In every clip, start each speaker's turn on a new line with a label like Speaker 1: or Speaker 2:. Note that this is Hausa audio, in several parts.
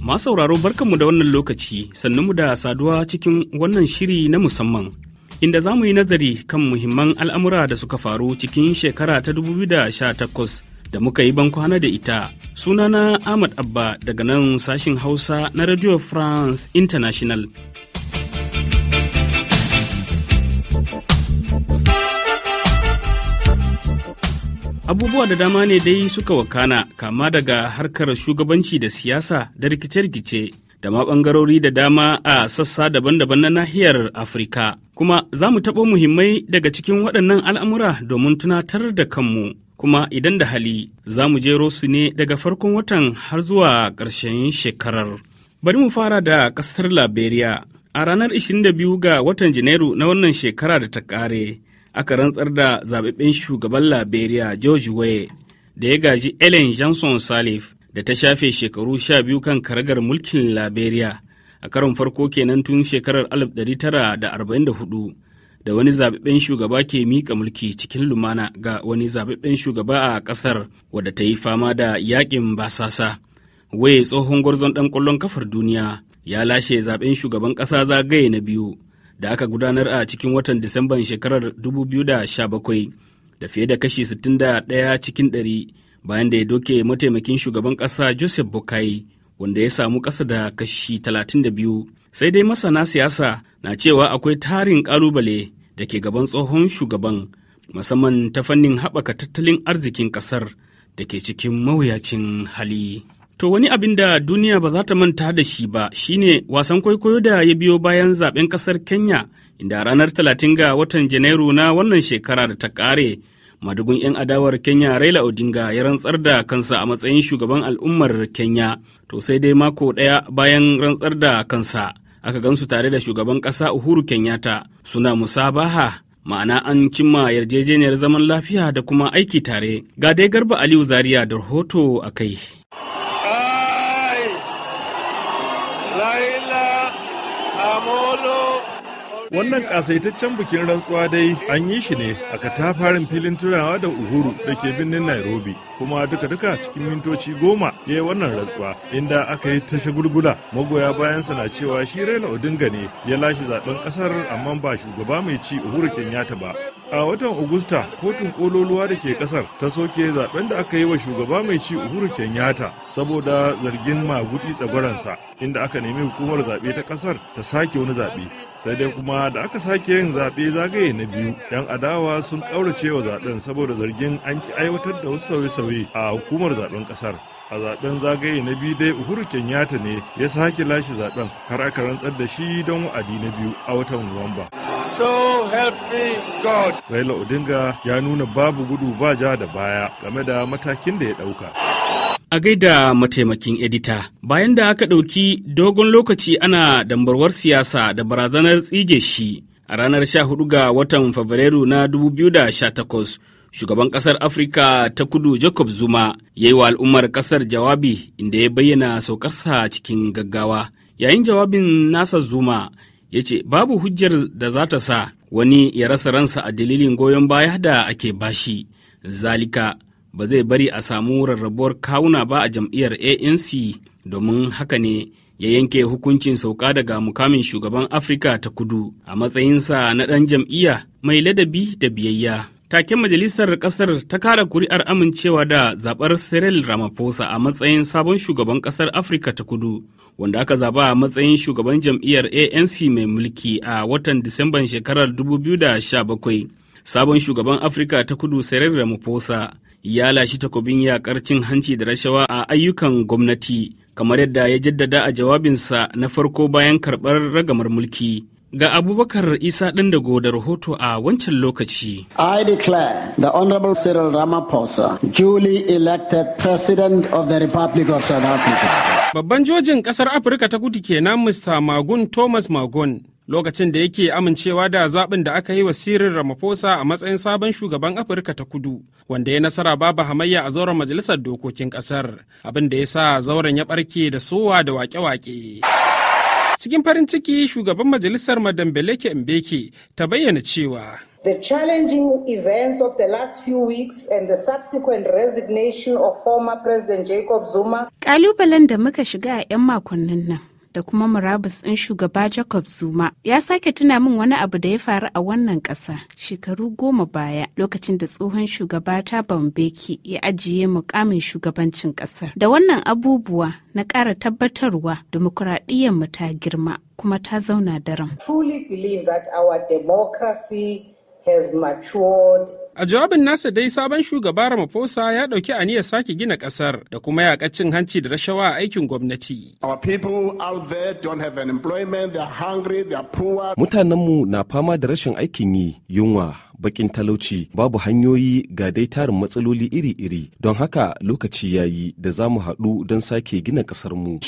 Speaker 1: ma sauraro barkanmu da wannan lokaci mu da saduwa cikin wannan shiri na musamman inda za mu yi nazari kan muhimman al'amura da suka faru cikin shekara ta 2018 da muka yi ban kwana da ita sunana ahmad abba daga nan sashin hausa na radio france international abubuwa da dama ne dai suka wakana kama daga harkar shugabanci da siyasa da rikice-rikice da ma bangarori da dama a sassa daban-daban na nahiyar afirka kuma za mu taɓa muhimmai daga cikin waɗannan al'amura domin tunatar da kanmu kuma idan da hali za mu jero su ne daga farkon watan har zuwa ƙarshen shekarar bari mu fara da ƙasar liberia a ranar 22 ga watan janairu na wannan shekara da ta ƙare aka rantsar da zababben shugaban Liberia George Weah da ya gaji Ellen Johnson Sirleaf da ta shafe shekaru sha biyu kan karagar mulkin Liberia a karon farko kenan tun shekarar 1944 da wani zababben shugaba ke mika mulki cikin lumana ga wani zababben shugaba a ƙasar wadda ta yi fama da yaƙin basasa. Waye tsohon gwarzon ɗan ƙwallon kafar duniya ya lashe zaben shugaban ƙasa zagaye na biyu da aka gudanar a cikin watan Disamban shekarar 2017 da fiye da kashi 61 cikin ɗari bayan da ya doke mataimakin shugaban ƙasa Joseph Bokai wanda ya samu ƙasa da kashi 32. Sai dai masana siyasa na cewa akwai tarin ƙalubale da ke gaban tsohon shugaban musamman ta fannin haɓaka tattalin arzikin ƙasar da ke cikin mawuyacin hali. To wani abin da duniya ba za ta manta da shi ba shine wasan kwaikwayo da ya biyo bayan zaben kasar Kenya inda ranar 30 ga watan Janairu na wannan shekara da ta kare madugun 'yan adawar Kenya Raila Odinga ya rantsar da kansa a matsayin shugaban al'ummar Kenya to sai dai mako ɗaya bayan rantsar da kansa aka gansu tare da shugaban ƙasa Uhuru Kenyatta suna musabaha ma'ana an cimma yarjejeniyar zaman lafiya da kuma aiki tare ga dai garba Aliyu Zaria da rahoto a kai.
Speaker 2: Wannan kasaitaccen bikin rantsuwa dai an yi shi ne a katafarin filin turawa da Uhuru da ke birnin Nairobi kuma duka-duka cikin mintoci goma ya yi wannan rantsuwa inda aka yi ta shagulgula magoya bayansa na cewa shi Raila Odinga ne ya lashe zaben kasar amma ba shugaba mai ci Uhuru Kenyatta ba. A watan Agusta kotun kololuwa da ke kasar ta soke zaben da aka yi wa shugaba mai ci Uhuru Kenyatta saboda zargin magudi tsabaransa inda aka nemi hukumar zaɓe ta ƙasar ta sake wani zaɓe. sai dai kuma da aka sake yin zaɓe zagaye na biyu yan adawa sun ƙaurace wa zaɓen saboda zargin an ki aiwatar da wasu sauye-sauye a hukumar zaɓen ƙasar a zaɓen zagaye na biyu dai uhuru kenyatta ne ya sake lashe zaɓen har aka rantsar da shi don wa'adi na biyu a watan nuwamba so help me god raila odinga ya nuna babu gudu ba ja da baya game da matakin da ya ɗauka
Speaker 1: a gaida mataimakin edita. Bayan da aka ɗauki dogon lokaci ana dambarwar siyasa da barazanar tsige shi a ranar 14 ga watan Fabrairu na 2018, shugaban ƙasar Afirka ta kudu Jacob Zuma ya yi wa al'ummar ƙasar jawabi inda ya bayyana saukarsa cikin gaggawa. Yayin jawabin nasa Zuma ya ce babu hujjar da za ta sa wani ya rasa ransa a dalilin goyon baya da ake bashi. Zalika ba zai bari a samu rarrabuwar kawuna ba a jam'iyyar anc domin haka ne ya yanke hukuncin sauka daga mukamin shugaban afirka ta kudu a matsayinsa na ɗan jam'iyya mai ladabi da biyayya taken majalisar kasar ta kara kuri'ar amincewa da zabar cyril ramaphosa a matsayin sabon shugaban kasar afirka ta kudu wanda aka zaba a matsayin shugaban jam'iyyar anc mai mulki a watan disamban shekarar 2017 sabon shugaban afirka ta kudu cyril ramaphosa ya lashi takobin yakar cin hanci da rashawa a ayyukan gwamnati kamar yadda ya jaddada a jawabinsa na farko bayan karɓar ragamar mulki. Ga Abubakar Isa ɗin da da rahoto a wancan lokaci.
Speaker 3: I declare the Honorable Cyril Ramaphosa duly elected President of the Republic of South Africa.
Speaker 1: Babban jojin ƙasar Afirka ta kudu kenan Mr. Magun Thomas Magun. lokacin da yake amincewa da zaɓin da aka yi wa Cyril Ramaphosa a matsayin sabon shugaban Afirka ta kudu, wanda ya nasara babu hamayya a zauren majalisar dokokin ƙasar, abin da ya sa zauren ya ɓarke da sowa da waƙe-waƙe. Cikin farin ciki shugaban majalisar Madam
Speaker 3: Beleke Mbeke ta bayyana cewa
Speaker 2: The challenging events of the last few weeks and the subsequent resignation of former President Jacob Zuma. kalubalen da muka shiga a 'yan makonnin nan. da kuma murabus ɗin shugaba Jacob Zuma ya sake tuna min wani abu da ya faru a wannan ƙasa shekaru goma baya lokacin da tsohon shugaba ta Bambeki ya ajiye mukamin shugabancin ƙasar. Da wannan abubuwa na ƙara tabbatarwa mu ta girma kuma ta zauna daram. Truly believe that democracy has matured
Speaker 1: A jawabin nasa dai sabon shugaba Ramaphosa ya ɗauki aniyar sake gina ƙasar da kuma yaƙa cin hanci da rashawa a aikin gwamnati. Mutanenmu na fama da rashin aikin yi, yunwa, bakin talauci babu hanyoyi ga dai tarin matsaloli iri-iri don haka lokaci yayi da za mu haɗu don sake gina ƙasarmu.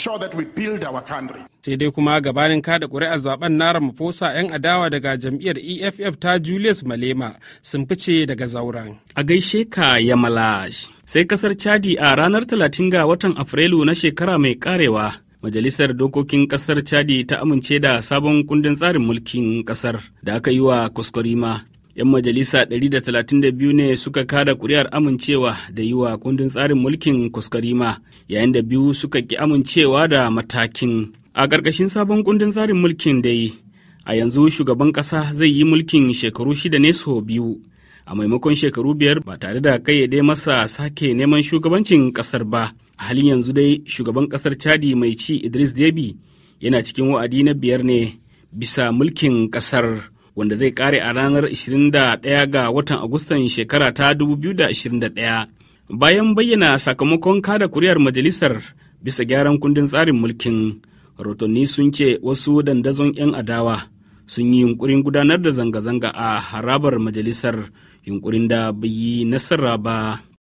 Speaker 1: sai dai kuma gabanin kada ƙuri'ar zaben na mafosa 'yan adawa daga jam'iyyar eff ta julius malema sun fice daga zauren a gaishe ka yamalash sai kasar chadi a ranar 30 ga watan afrilu na shekara mai karewa Majalisar Dokokin kasar Chadi ta amince da sabon kundin tsarin mulkin kasar da aka yi wa kuskurima 'Yan majalisa 132 ne suka kada kuri'ar amincewa da yi wa kundin tsarin mulkin kuskarima yayin da biyu suka ki amincewa da matakin. A ƙarƙashin sabon kundin tsarin mulkin dai, a yanzu shugaban ƙasa zai yi mulkin shekaru shida ne so biyu, a maimakon shekaru biyar ba tare da kayyade masa sake neman shugabancin ƙasar ba. A halin yanzu dai shugaban ƙasar Chadi mai ci Idris debi yana cikin wa'adi na biyar ne bisa mulkin ƙasar. wanda zai kare a ranar 21 ga watan Agustan shekara ta 2021 bayan bayyana sakamakon kada kuri'ar majalisar bisa gyaran kundin tsarin mulkin rotonni sun ce wasu dandazon 'yan adawa sun yi yunkurin gudanar da zanga-zanga a harabar majalisar yunkurin da bai yi nasara ba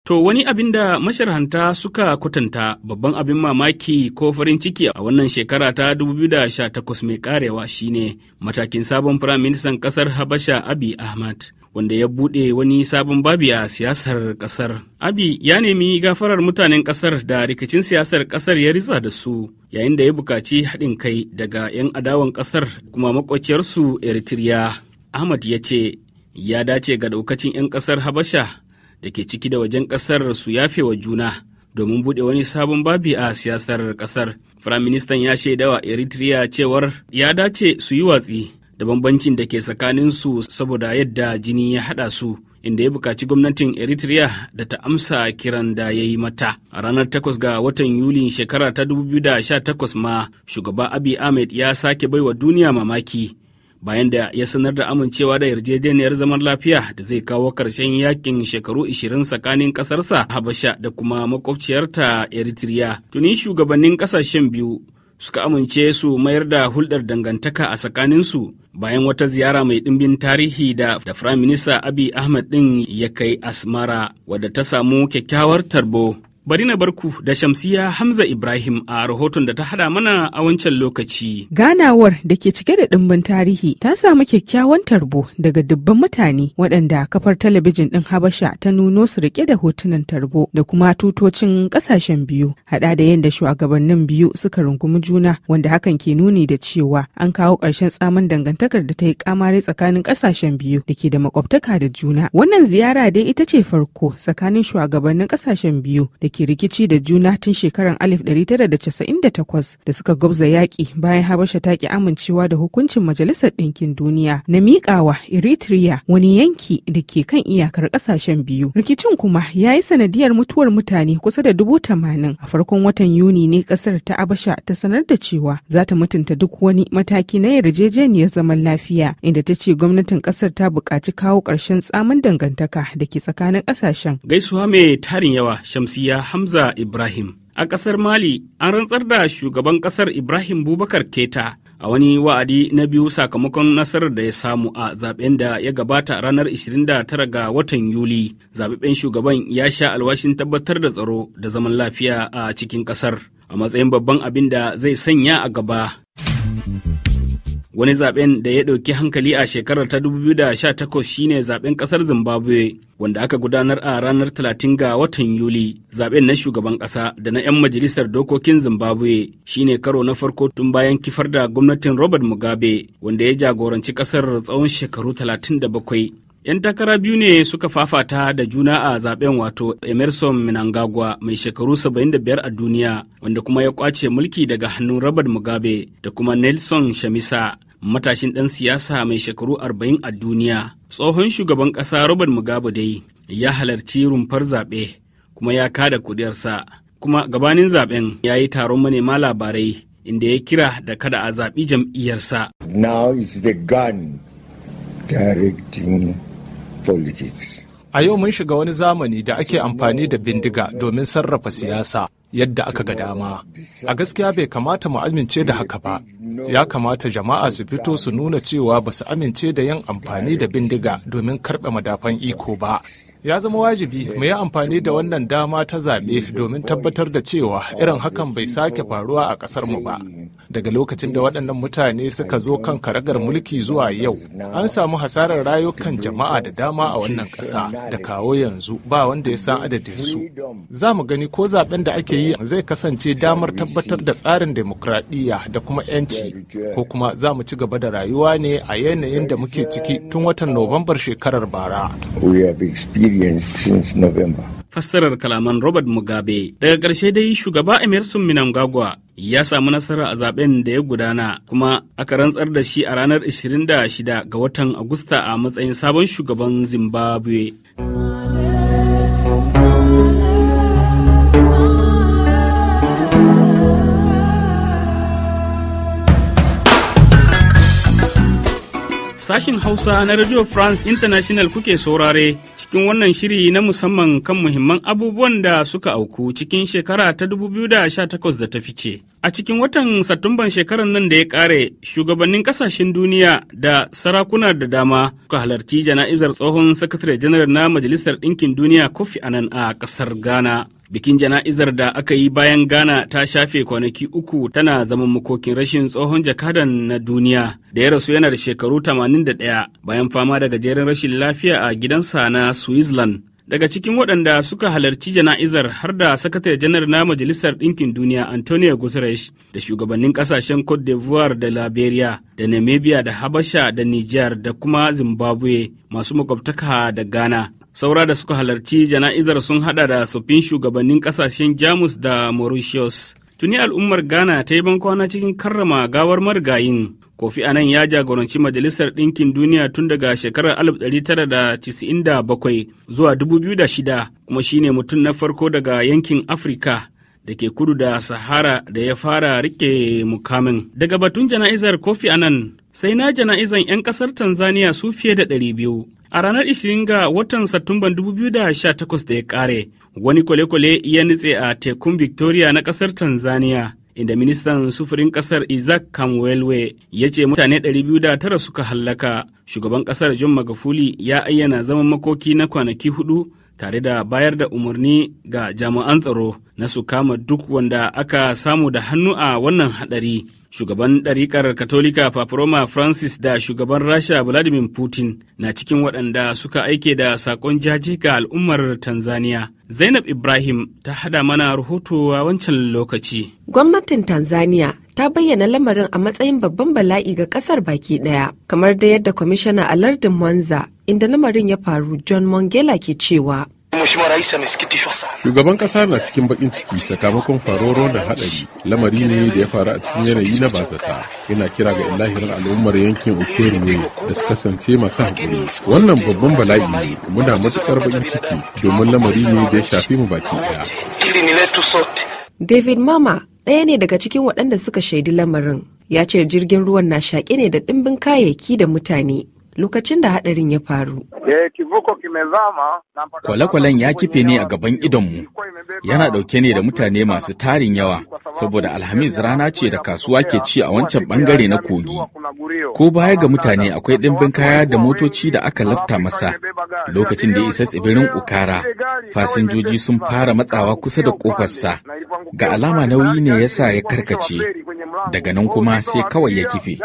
Speaker 1: To wani abin da masharhanta suka kwatanta babban abin mamaki ko farin ciki a wannan shekara ta 2018 mai karewa shine matakin sabon firaministan kasar Habasha Abi Ahmad. wanda ya bude wani sabon babi a siyasar ƙasar. Abi ya nemi gafarar mutanen ƙasar da rikicin siyasar ƙasar ya ritsa da su yayin da ya buƙaci haɗin kai daga 'yan adawan ƙasar kuma makwaciyarsu Eritrea. Ahmad ya ce ya dace ga daukacin 'yan ƙasar Habasha da ke ciki da wajen ƙasar su yafe wa juna domin buɗe wani sabon babi a siyasar ƙasar. Firaministan ya shaidawa Eritrea cewar ya dace su yi watsi da bambancin da ke tsakanin su saboda yadda jini ya haɗa su. inda ya bukaci gwamnatin eritrea da ta amsa kiran da ya yi mata a ranar 8 ga watan yuli shekara ta 2018 ma shugaba abi ahmed ya sake baiwa duniya mamaki bayan da ya sanar da amincewa da yarjejeniyar zaman lafiya da zai kawo ƙarshen yakin shekaru 20 tsakanin ƙasarsa Habasha da kuma makwabciyarta Eritrea. Tuni shugabannin ƙasashen biyu suka amince su mayar da hulɗar dangantaka a tsakaninsu bayan wata ziyara mai ɗimbin tarihi da da Firayim Minista Abiy Ahmed ɗin ya kai Asmara wadda ta samu kyakkyawar tarbo. Bari na barku da Shamsiya Hamza Ibrahim a rahoton da ta hada mana a wancan lokaci.
Speaker 2: Ganawar da ke cike da ɗimbin tarihi ta samu kyakkyawan tarbo daga dubban mutane waɗanda kafar talabijin ɗin Habasha ta nuno su rike da hotunan tarbo da kuma tutocin ƙasashen biyu haɗa da yadda shugabannin biyu suka rungumi juna wanda hakan ke nuni da cewa an kawo ƙarshen tsamin dangantakar da ta yi kamari tsakanin ƙasashen biyu da ke da makwabtaka da juna. Wannan ziyara dai ita ce farko tsakanin shugabannin ƙasashen biyu da ke rikici da juna tun shekarar 1998 da suka gwabza yaƙi bayan Habasha ta ki amincewa da hukuncin Majalisar Ɗinkin Duniya na miƙawa Eritrea wani yanki da ke kan iyakar ƙasashen biyu. Rikicin kuma ya yi sanadiyar mutuwar mutane kusa da dubu tamanin a farkon watan Yuni ne ƙasar ta abasha ta sanar da cewa za ta mutunta duk wani mataki na yarjejeniyar zaman lafiya inda ta ce gwamnatin ƙasar ta buƙaci kawo ƙarshen tsamin dangantaka da ke tsakanin ƙasashen.
Speaker 1: Gaisuwa mai tarin yawa Shamsiya Hamza Ibrahim. A ƙasar Mali, an rantsar da shugaban ƙasar Ibrahim Bubakar Keta a wani wa'adi na biyu sakamakon nasarar da ya samu a zaben da ya gabata ranar 29 ga watan Yuli. Zababben shugaban ya sha alwashin tabbatar da tsaro da zaman lafiya a cikin ƙasar, a matsayin babban abin da zai sanya a gaba. wani zaben da ya ɗauki hankali a shekarar ta sha 2018 shine zaben ƙasar zimbabwe wanda aka gudanar a ranar 30 ga watan yuli zaben na shugaban ƙasa da na 'yan majalisar dokokin zimbabwe shine karo na farko tun bayan kifar da gwamnatin robert mugabe wanda ya jagoranci ƙasar tsawon shekaru 37 'Yan takara biyu ne suka fafata da juna a zaben wato Emerson minangagwa mai shekaru 75 a duniya wanda kuma ya kwace mulki daga hannun Robert Mugabe da kuma Nelson Shamisa matashin ɗan siyasa mai shekaru arba'in a duniya. Tsohon shugaban ƙasa Robert Mugabe dai ya halarci rumfar zaɓe kuma ya kada kuɗiyarsa Kuma gabanin zaɓen ya yi taron manema labarai inda ya kira da kada a zaɓi jam'iyyarsa.
Speaker 3: Now is the gun directing politics.
Speaker 1: A yau mun shiga wani zamani da ake amfani da bindiga domin sarrafa siyasa yadda aka ga dama. A gaskiya bai kamata mu amince da haka ba. Ya kamata jama'a su fito su nuna cewa ba su amince da yin amfani da bindiga domin karɓe madafan iko ba. ya zama
Speaker 3: wajibi mu
Speaker 1: yi amfani da wannan dama ta zaɓe domin tabbatar da cewa irin hakan bai sake faruwa a ƙasar mu ba daga lokacin da waɗannan mutane suka zo kan karagar mulki zuwa yau an samu hasarar rayukan jama'a da dama a wannan ƙasa da kawo yanzu ba wanda ya san adadin su za mu gani ko zaɓen da ake yi zai kasance damar tabbatar da tsarin demokradiyya da kuma 'yanci ko kuma za mu ci gaba da rayuwa ne a yanayin da muke ciki tun watan nuwambar shekarar bara.
Speaker 3: yanzu since november
Speaker 1: fassarar kalaman Robert Mugabe. Daga ƙarshe dai shugaba Emerson minangagwa ya samu nasara a zaben da ya gudana kuma aka rantsar da shi a ranar 26 ga watan Agusta a matsayin sabon shugaban Zimbabwe. Sashin Hausa na Radio France International kuke saurare cikin wannan shiri na musamman kan muhimman abubuwan da suka auku cikin shekara ta 2018 da ta fice. A cikin watan Satumban shekarar nan da ya kare, shugabannin kasashen duniya da sarakuna da dama suka halarci jana'izar tsohon sakatare janar na Majalisar Ɗinkin Duniya Kofi Annan a ƙasar Ghana. Bikin jana'izar da aka yi bayan Ghana ta shafe kwanaki uku tana zaman makokin rashin tsohon jakadan na duniya da ya rasu yana da shekaru 81 bayan fama da gajeren rashin lafiya a gidansa na Switzerland. Daga cikin waɗanda suka halarci jana'izar har da sakatare janar na Majalisar Ɗinkin Duniya Antonio Guterres da shugabannin ƙasashen Cote d'Ivoire da Liberia da Namibia da Habasha da niger da kuma Zimbabwe masu makwabtaka da Ghana. Saura da suka halarci jana'izar sun hada da tsoffin shugabannin kasashen Jamus da Mauritius. Tuni al'ummar Ghana ta yi bankwana cikin karrama gawar marigayin. Kofi anan ya jagoranci Majalisar Ɗinkin Duniya tun daga shekarar tara da da bakwai zuwa dubu biyu da shida, kuma shine mutum na farko daga yankin Afirka da ke kudu da Sahara da ya fara rike mukamin. Daga batun jana'izar Kofi anan, sai na jana'izan 'yan ƙasar Tanzania su fiye da biyu. A ranar 20 ga watan Satumban 2018 da ya kare, wani kwale-kwale ya nutse a tekun Victoria na kasar Tanzania. inda ministan sufurin kasar isaac kamwelwe ya ce mutane 209 suka hallaka shugaban kasar john magafuli ya ayyana zaman makoki na kwanaki hudu tare da bayar da umarni ga jami'an tsaro na su kama duk wanda aka samu da hannu a wannan hadari. Shugaban ɗariƙar Katolika Paparoma Francis da shugaban Rasha Vladimir Putin na cikin waɗanda suka aike da saƙon jaje ga al'ummar Tanzania. Zainab Ibrahim ta hada mana rahoto a wancan lokaci.
Speaker 2: Gwamnatin Tanzania ta bayyana lamarin a matsayin babban bala'i ga ƙasar baki ɗaya kamar da yadda kwamishina a lardin Mwanza inda lamarin ya faru John Mongela ke cewa
Speaker 3: Mheshimiwa Rais amesikitishwa sana.
Speaker 1: Shugaban kasa na cikin bakin ciki sakamakon faruwar wannan hadari. Lamari ne da ya faru a cikin yanayi na bazata. Ina kira ga ilahirin al'ummar yankin Okeru ne da su kasance masu hakuri. Wannan babban bala'i ne muna matukar bakin ciki
Speaker 2: domin lamari ne da ya
Speaker 1: shafi mu baki daya.
Speaker 2: David Mama ɗaya ne daga cikin waɗanda suka shaidi lamarin. Ya ce jirgin ruwan na shaƙe ne da ɗimbin kayayyaki da mutane lokacin da hadarin ya faru.
Speaker 1: Eh, Kwale-kwalen ya kife ne a gaban idonmu, yana ɗauke ne da mutane masu tarin yawa, saboda Alhamis rana ce da kasuwa ke ci a wancan bangare na kogi. Ko baya ga mutane akwai ɗimbin kaya da motoci da aka lafta masa. Lokacin da ya isa tsibirin Ukara, fasinjoji sun fara matsawa kusa da ƙofarsa. Ga alama nauyi ne ya sa ya karkace, daga nan kuma sai kawai ya kife.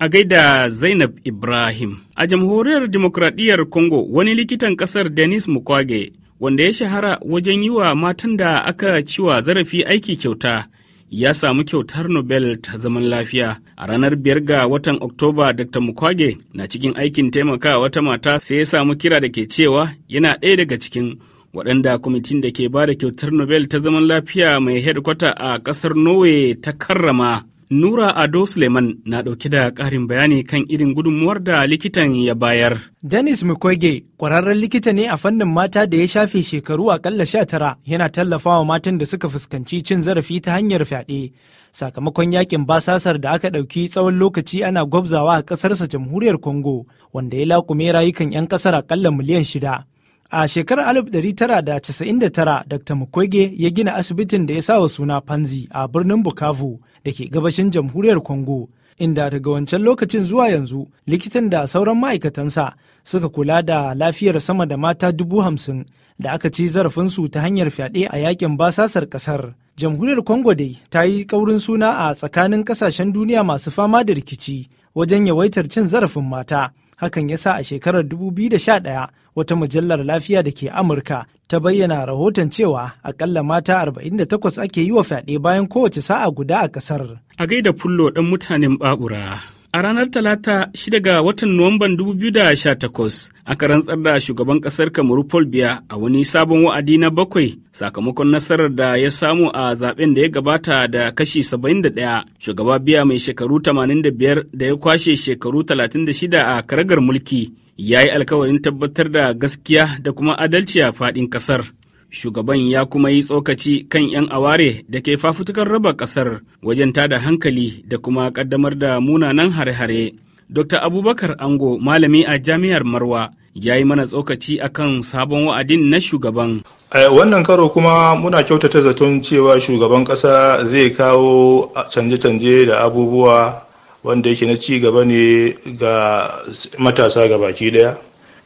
Speaker 1: A gaida Zainab Zainab Ibrahim. A jamhuriyar demokradiyyar Congo wani likitan kasar Denis Mukwege wanda ya shahara wajen yi wa matan da aka ciwa zarafi aiki kyauta ya samu kyautar Nobel ta zaman lafiya. A ranar biyar ga watan Oktoba Dr. Mukwege na cikin aikin taimaka wata mata sai ya samu kira da ke cewa yana ɗaya daga cikin waɗanda kwamitin da ke ba da kyautar Nobel ta zaman lafiya mai hedkwata a ƙasar Norway ta karrama. Nura Ado Suleiman na ɗauke da ƙarin bayani
Speaker 3: kan irin gudunmuwar da likitan ya bayar. Dennis Mukwege, ƙwararren likita ne a fannin mata da ya shafe shekaru aƙalla sha tara yana tallafawa matan da suka fuskanci cin zarafi ta hanyar fyaɗe. Sakamakon yakin basasar da aka ɗauki tsawon lokaci ana gwabzawa a ƙasarsa jamhuriyar kongo wanda ya laƙume rayukan 'yan ƙasar aƙalla miliyan shida. A shekarar 1999 Dr. Mukwege ya gina asibitin da ya sawa suna Panzi a birnin Bukavu da ke gabashin jamhuriyar Congo, inda daga wancan lokacin zuwa yanzu likitan da sauran ma'aikatansa suka kula da lafiyar sama da mata dubu hamsin da aka ci zarafinsu ta hanyar fyaɗe a yakin basasar ƙasar. Jamhuriyar Congo dai ta yi ƙaurin suna a tsakanin ƙasashen duniya masu fama da rikici wajen yawaitar cin zarafin mata. hakan ya sa a shekarar 2011 wata mujallar lafiya da ke amurka ta bayyana rahoton cewa akalla mata 48 ake yi wa fyaɗe bayan kowace sa'a guda a ƙasar.
Speaker 1: a gaida fullo ɗan mutanen Ba'ura. A ranar Talata 6 ga watan Nuwamban 2018 aka rantsar da shugaban ƙasar Kamaru Paul Biya a wani sabon wa'adi na bakwai sakamakon nasarar da ya samu a zaben da ya gabata da kashi 71 shugaba Biya mai shekaru 85 da ya kwashe shekaru 36 a karagar mulki ya yi alkawarin tabbatar da gaskiya da kuma adalci a faɗin ƙasar. Shugaban ya kuma yi tsokaci kan 'yan aware da ke fafutukar raba ƙasar wajen tada hankali da kuma ƙaddamar da munanan hare-hare. Dr. Abubakar Ango, malami a Jami'ar Marwa, ya yi mana tsokaci akan sabon wa'adin na shugaban.
Speaker 3: wannan karo kuma muna kyautata zaton cewa shugaban ƙasa zai kawo canje-canje da abubuwa wanda yake na ci gaba ne ga matasa ga baki daya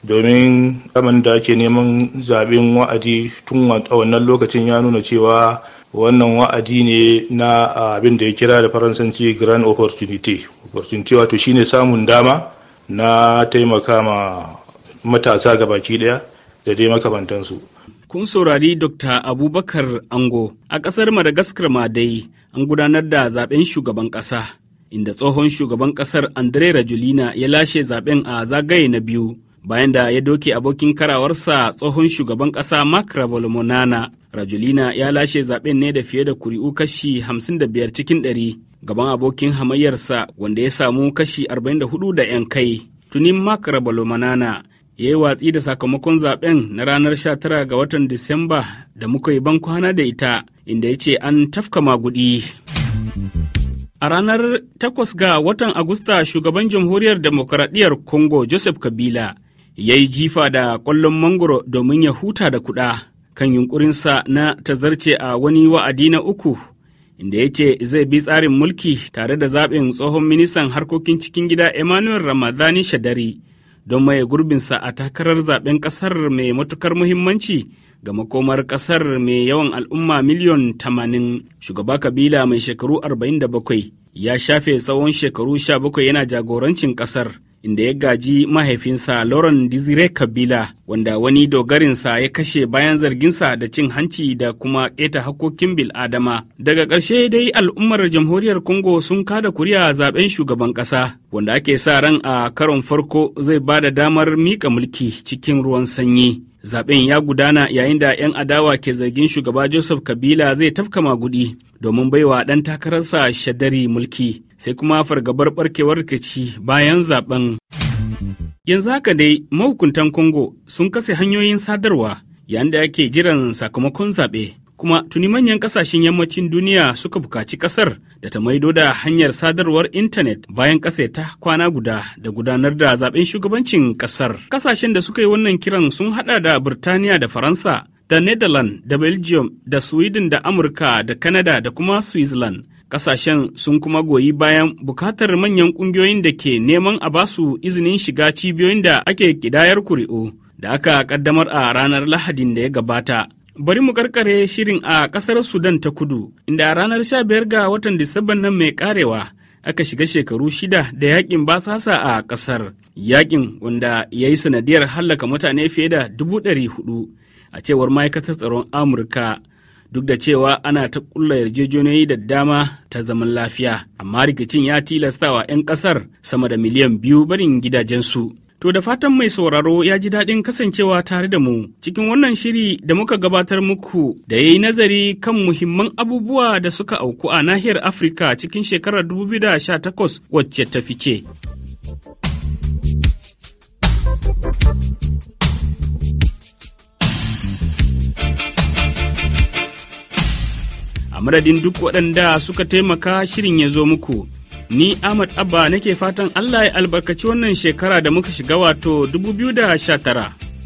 Speaker 3: domin kaman da ake neman zaɓen wa'adi tun wannan lokacin ya nuna cewa wannan wa'adi ne na abin da ya kira da faransanci grand opportunity opportunity wato shine samun dama na taimaka ma matasa ga baki daya da dai makamantansu
Speaker 1: kun saurari dr abubakar ango a ƙasar madagascar ma dai an gudanar da zaben shugaban ƙasa inda tsohon shugaban ƙasar andre rajulina ya lashe zaben a zagaye na biyu bayan da ya doke abokin karawarsa tsohon shugaban ƙasa Mark Ravalomonana. Rajulina ya lashe zaɓen ne da fiye da kuri'u kashi 55 cikin 100 gaban abokin hamayyarsa wanda ya samu kashi 44 da 'yan kai. Tunin Mark Ravalomonana ya yi watsi da sakamakon zaɓen na ranar 19 ga watan Disamba da muka yi ban kwana da ita inda ya ce an tafka magudi. A ranar 8 ga watan Agusta shugaban jamhuriyar demokaradiyyar Congo Joseph Kabila ya yi jifa da ƙwallon mangoro domin ya huta da kuɗa kan yunkurinsa na tazarce a wani wa'adi na uku inda ya zai bi tsarin mulki tare da zaɓin tsohon ministan harkokin cikin gida emmanuel ramadani shadari don maye gurbinsa a takarar zaɓen ƙasar mai matukar muhimmanci ga makomar ƙasar mai yawan al'umma miliyon tamanin. shugaba kabila mai shekaru arba'in da 47 ya shafe tsawon shekaru 17 yana jagorancin ƙasar inda ya gaji mahaifinsa Laurent dizire Kabila wanda wani dogarinsa ya kashe bayan zarginsa da cin hanci da kuma keta hakokin bil'adama. Daga ƙarshe dai al'ummar jamhuriyar Congo sun kada kuri'a zaben shugaban ƙasa wanda ake sa ran a karon farko zai ba da damar miƙa mulki cikin ruwan sanyi. Zaben ya gudana yayin da 'yan adawa ke zargin shugaba Joseph Kabila zai tafka magudi domin baiwa ɗan takararsa shadari mulki sai kuma fargabar barkewar rikici bayan zaben. Yanzu haka dai mahukuntan Congo sun kase hanyoyin sadarwa yayin da ake jiran sakamakon zaɓe. kuma tuni manyan kasashen yammacin duniya suka bukaci kasar da ta maido da hanyar sadarwar intanet bayan kasa ta kwana guda da gudanar da zaben shugabancin kasar kasashen da suka yi wannan kiran sun hada da birtaniya da faransa da netherlands da belgium da sweden da amurka da canada da kuma switzerland kasashen sun kuma goyi bayan bukatar manyan kungiyoyin da ke neman a basu izinin shiga cibiyoyin da ake kidayar kuri'u da aka kaddamar a ranar lahadin da ya gabata Bari mu karkare shirin a kasar Sudan ta kudu, inda a ranar 15 ga watan Disamban nan mai karewa aka shiga shekaru shida da yakin basasa a kasar. Yakin wanda ya yi sanadiyar hallaka mutane fiye da dubu ɗari hudu a cewar ma'aikatar tsaron Amurka. Duk da cewa ana ta kulla yarjejeniyoyi da dama ta zaman lafiya, amma rikicin ya tilastawa 'yan kasar sama da miliyan biyu barin gidajensu. To da fatan mai sauraro ya ji daɗin kasancewa tare da mu cikin wannan shiri da muka gabatar muku da ya yi nazari kan muhimman abubuwa da suka auku a nahiyar Afirka cikin shekarar 2018 wacce ta fice. A madadin duk waɗanda suka taimaka shirin ya zo muku. Ni Ahmad Abba nake fatan Allah ya albarkaci wannan shekara da muka shiga wato 2019.